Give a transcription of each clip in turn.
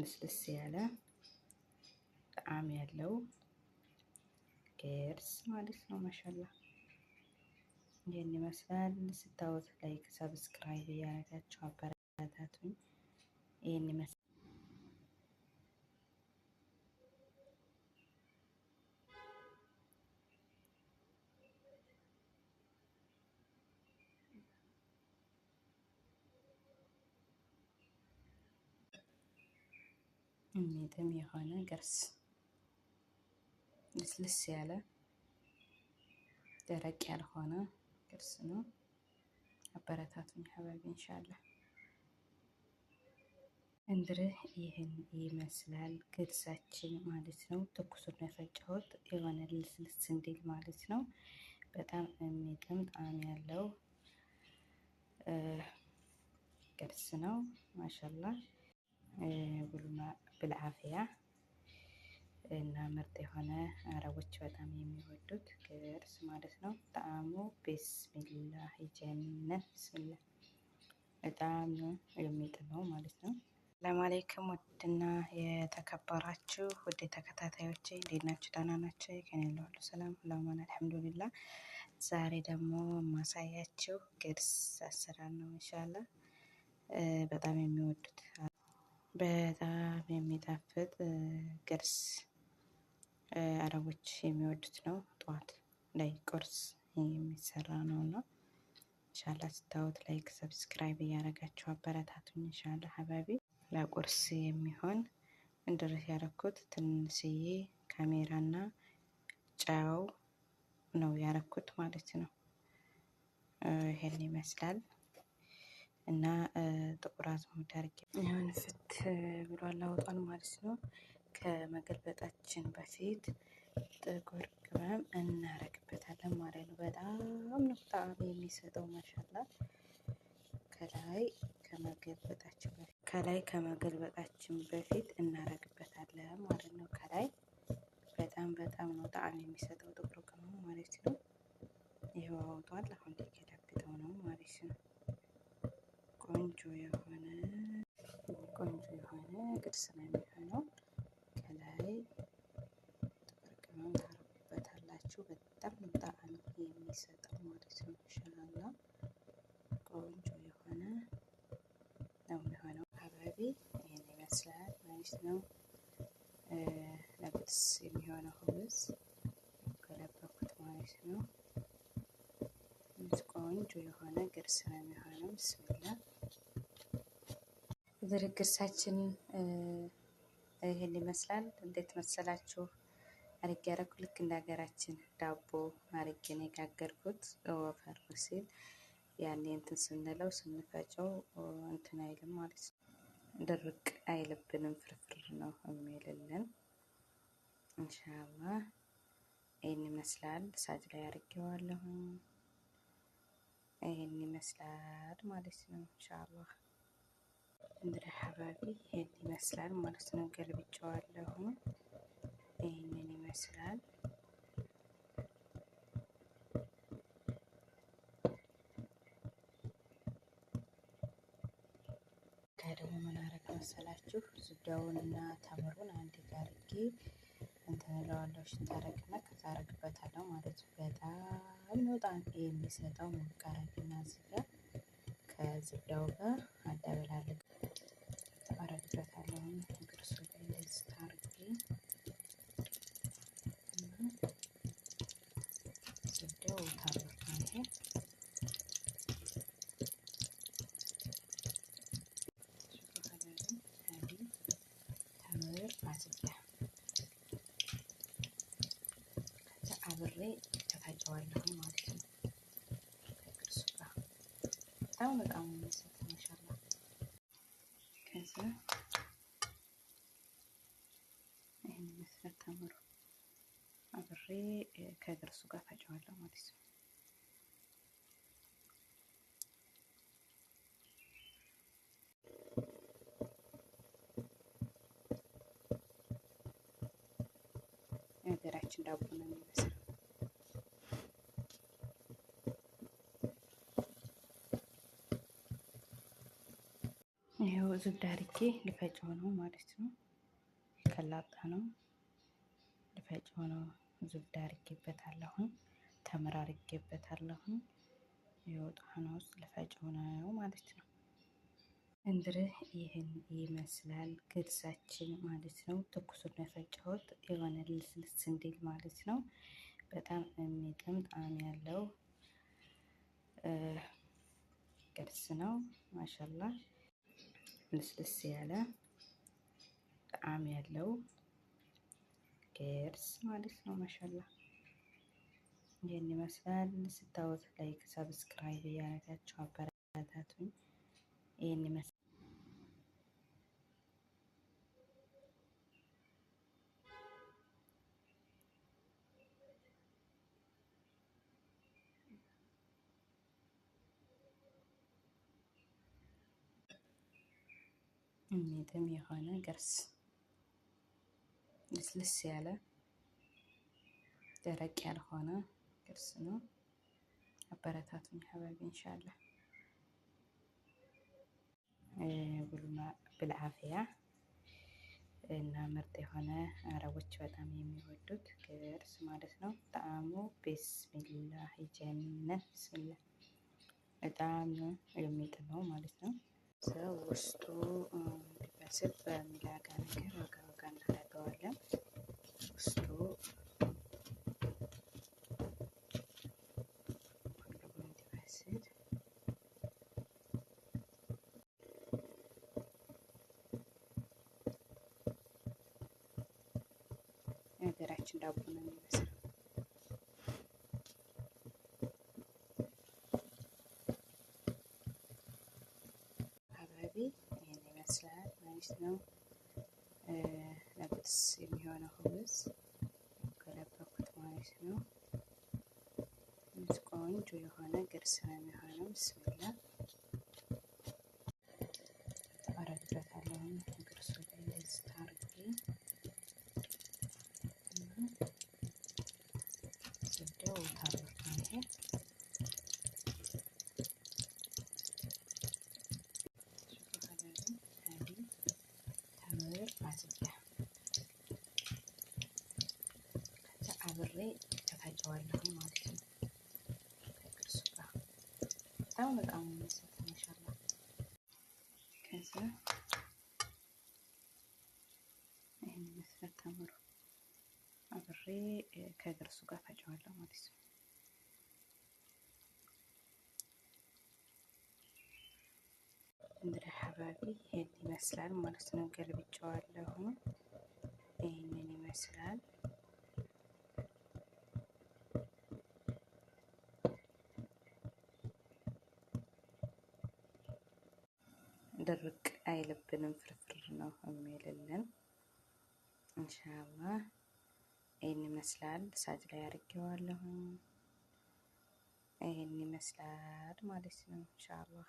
ልስልስ ያለ ጣዕም ያለው ኤርስ ማለት ነው። ማሻላ ይህን ይመስላል። ስታወት ላይክ፣ ሰብስክራይብ እያደረጋችሁ አበረታቱኝ። ይህን ይመስላል። የሚጥም የሆነ ገርስ ልስልስ ያለ ደረቅ ያልሆነ ገርስ ነው። አበረታቱኝ ሀበብ እንሻለ እንድርህ ይህን ይመስላል ግርሳችን ማለት ነው። ትኩሱን የፈጨሁት የሆነ ልስልስ እንዲል ማለት ነው። በጣም የሚጥም ጣዕም ያለው ገርስ ነው። ማሻላ ጉልማ አፍያ እና ምርጥ የሆነ አረቦች በጣም የሚወዱት ግብስ ማለት ነው። ጣዕሙ ቢስሚላህ ጀነት ቢስሚላ በጣም ነው የሚጥመው ማለት ነው። ሰላም አለይኩም ውድና የተከበራችሁ ውድ ተከታታዮቼ እንዴት ናችሁ? ደህና ናቸው። ከኔ ሰላም ሁላማን አልሐምዱሊላ። ዛሬ ደግሞ ማሳያችሁ ግብስ አሰራር ነው። ኢንሻላህ በጣም የሚወዱት በጣም የሚጣፍጥ ግርስ አረቦች የሚወዱት ነው። ጠዋት ላይ ቁርስ የሚሰራ ነው እና እንሻላ ስታዩት ላይክ ሰብስክራይብ እያደረጋችሁ አበረታቱኝ። እንሻላ ሀባቢ ለቁርስ የሚሆን እንድርስ ያረኩት ትንሽዬ ካሜራና ጨው ነው ያረኩት ማለት ነው። ይሄን ይመስላል። እና ጥቁር አዝሙድ አድርጌ ይሁን ፍት ብሏል አላወጣን ማለት ነው። ከመገልበጣችን በፊት ጥቁር ቅመም እናረግበታለን ማለት ነው። በጣም ነው ጣዕም የሚሰጠው ማሻላ። ከላይ ከመገልበጣችን በፊት ከላይ ከመገልበጣችን በፊት እናረግበታለን ማለት ነው። ከላይ በጣም በጣም ነው ጣዕም የሚሰጠው ጥቁር ቅመም ማለት ነው። ይኸው አወጧል። አሁን ሊገለብጠው ነው ማለት ነው። ቆንጆ የሆነ ቆንጆ የሆነ ቅርስ ነው የሚሆነው። ከላይ ጥቁር ቅመም ታርጉበታላችሁ። በጣም ጣዕም የሚሰጠው ማለት ነው። ኢንሻላላ ቆንጆ የሆነ ነው የሚሆነው። አብረቤ ይህን ይመስላል ማለት ነው። ለቅርስ የሚሆነው ህብዝ ገለበኩት ማለት ነው። ቆንጆ የሆነ ግርስ ነው የሚሆነው። ብስሚላ እንግዲህ ግርሳችን ይህን ይመስላል። እንዴት መሰላችሁ? አርጌ ያረኩ ልክ እንደ ሀገራችን ዳቦ አርጌ ነው የጋገርኩት። ወፈር ሲል ያኔ እንትን ስንለው ስንፈጨው እንትን አይልም ማለት ነው። ድርቅ አይልብንም፣ ፍርፍር ነው የሚልልን። እንሻላ ይህን ይመስላል። ሳጅ ላይ አርጌዋለሁ። ይህን ይመስላል ማለት ነው። ኢንሻአላህ እንግዲህ አካባቢ ይህን ይመስላል ማለት ነው። ገልብጨዋለሁ። ይህንን ይመስላል ከደግሞ ምን አረግ መሰላችሁ ዝዳውንና ተምሩን አንድ ጋርጌ እንትን እለዋለሁ ሽንት ከዛ ማለት ነው። በጣም ነው የሚሰጠው ሞቅ አደርግና ከዝብዳው ጋር አደበላለቅ አደርግበታለሁ እግር ላይ እንደዚህ ስታው በጣም የሚመስል ኢንሻአላ ከዛ ይሄን ይመስላል ተምሩ አብሬ ከገብሱ ጋር ፈጨዋለሁ ማለት ነው። የሀገራችን ዳቦ ነው የሚመስለው። ዳርጌ ልፈጭው ነው ማለት ነው። ከላጣ ነው ልፈጭው ነው። ዙብዳ አርጌበታለሁኝ ተምር አርጌበታለሁኝ የወጣን ውስጥ ልፈጭው ነው ማለት ነው። እንግዲህ ይህን ይመስላል ግልሳችን ማለት ነው። ትኩሱን የፈጨሁት የሆነ ልስልስ እንዲል ማለት ነው። በጣም የሚጥም ጣዕም ያለው ገብስ ነው። ማሻላ ልስልስ ያለ ጣዕም ያለው ኤርስ ማለት ነው። ማሻላ ይህን ይመስላል። ስታወት ላይክ፣ ሰብስክራይብ እያደረጋችሁ አበረታቱኝ። ይህን ይመስላል። የሚጥም የሆነ ገርስ ልስልስ ያለ ደረቅ ያልሆነ ገርስ ነው። አበረታቱኝ ሀባቢ እንሻላ ብልዓፍያ እና ምርጥ የሆነ አረቦች በጣም የሚወዱት ገርስ ማለት ነው። ጣዕሙ ቢስሚላህ ጀነት ብስሚላህ በጣም ነው የሚጥመው ማለት ነው። ሰው ውስጡ ሲበስል በሚላጋ ነገር ወጋ ወጋ እናደርገዋለን። ውስጡ እንዲበስል ነገራችን ዳቦ ነው የሚበስል ጥብስ ነው የሚሆነው። ብስሚላ አረግበታለሁ። ግርሱ ላይ እንደዚህ አርጌ ስደው ታበት ነው አብሬ ተፈጨዋለሁ ማለት በጣም በጣም የሚሰጥ ማሻላ ከዛ ይህን መስፈር ተምሮ አብሬ ከገብሱ ጋር ፈጨዋለሁ ማለት ነው። እንግዲህ አካባቢ ይህን ይመስላል ማለት ነው። ገልብጨዋለሁ። ይህንን ይመስላል። አይልብንም፣ ፍርፍር ነው የሚልልን። እንሻላህ ይህን ይመስላል። እሳት ላይ አድርጌዋለሁ። ይህን ይመስላል ማለት ነው። እንሻላህ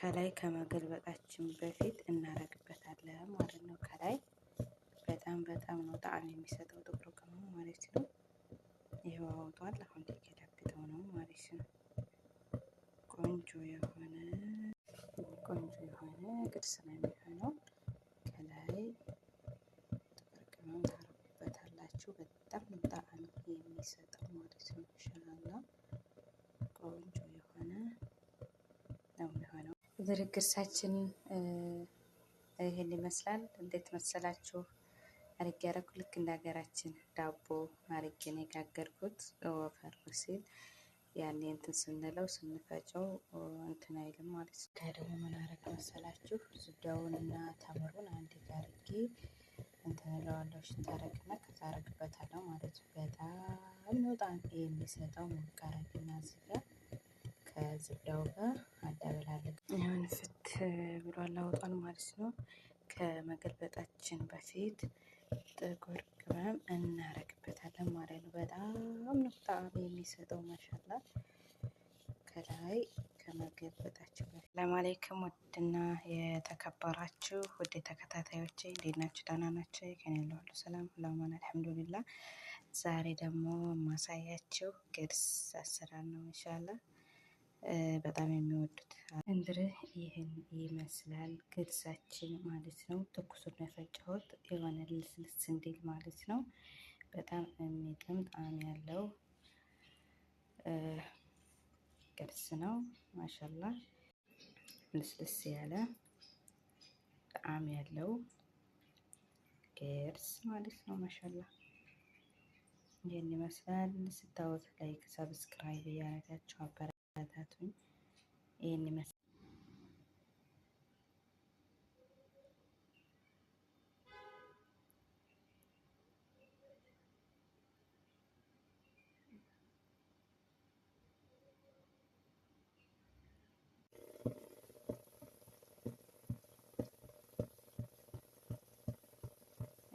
ከላይ ከመገልበጣችን በፊት እናረግበታለን ማለት ነው። ከላይ በጣም በጣም ነው ጣዕም የሚሰጠው ጥቁር ቅመም ማለት ነው። ይኸው አውጧል። አሁን ሊገለብጠው ነው ማለት ነው። ቆንጆ ግልጽ ነው የሚሆነው። ከላይ ጥቁር ቅመም ታረጉበታላችሁ። በጣም ጣዕም የሚሰጠው ማለት ነው። ቆንጆ የሆነ ነው የሚሆነው። ዝርግርሳችን ይህን ይመስላል። እንዴት መሰላችሁ? አርጌ ያረኩ ልክ እንደ ሀገራችን ዳቦ አርጌ ነው የጋገርኩት። ወፈር ሲል ያኔ እንትን ስንለው ስንፈጨው እንትን አይልም ማለት ነው። ጋ ደግሞ ምን አረግ መሰላችሁ ዝዳውን እና ተምሩን አንድ ጋር እንትን እለዋለሁ። ሽንታረቅና ከዛ አረግበታለሁ ማለት ነው። በጣም ነው ጣም የሚሰጠው ሙቃረግና ስጋ ከዝዳው ጋር አዳበላለሁ። ይሁን ፍት ብሎ አላወጣን ማለት ነው። ከመገልበጣችን በፊት ጥቁር ቅመም እናረግበታለን ማለት ነው። በጣም ነው ጣዕም የሚሰጠው ማሻላ። ከላይ ከመገበጣችሁ ሰላም አለይኩም ውድና የተከበራችሁ ውድ ተከታታዮቼ እንዴት ናችሁ? ደህና ናቸው። ከኔ ለሁሉ ሰላም ሁላማን አልሐምዱሊላ። ዛሬ ደግሞ ማሳያችሁ ግርስ አሰራር ነው ኢንሻላህ በጣም የሚወዱት እንድርህ ይህን ይመስላል ግልሳችን ማለት ነው። ትኩሱን የፈጨሁት የሆነ ልስልስ እንዲል ማለት ነው። በጣም የሚጥም ጣዕም ያለው ቅርስ ነው። ማሻላ ልስልስ ያለ ጣዕም ያለው ቅርስ ማለት ነው። ማሻላ ይህን ይመስላል። ስታወት ላይክ፣ ሰብስክራይብ እያደረጋችሁ አበረ አበረታቱኝ። ይህን ይመስላል።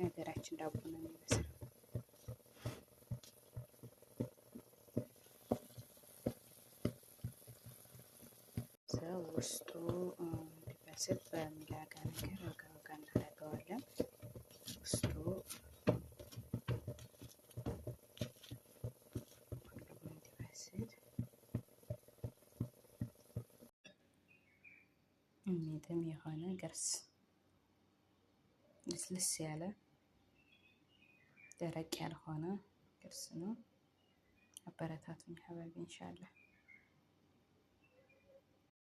የሀገራችን ዳቦ ነው የሚመስለው። ስብ በሚላጋ ነገር ወጋ ወጋ እናደርገዋለን። ውስጡ ሁሉም እንዲበስል የሚጥም የሆነ ገርስ ልስልስ ያለ ደረቅ ያልሆነ ገርስ ነው። አበረታቱኝ ሀበብ ኢንሻላህ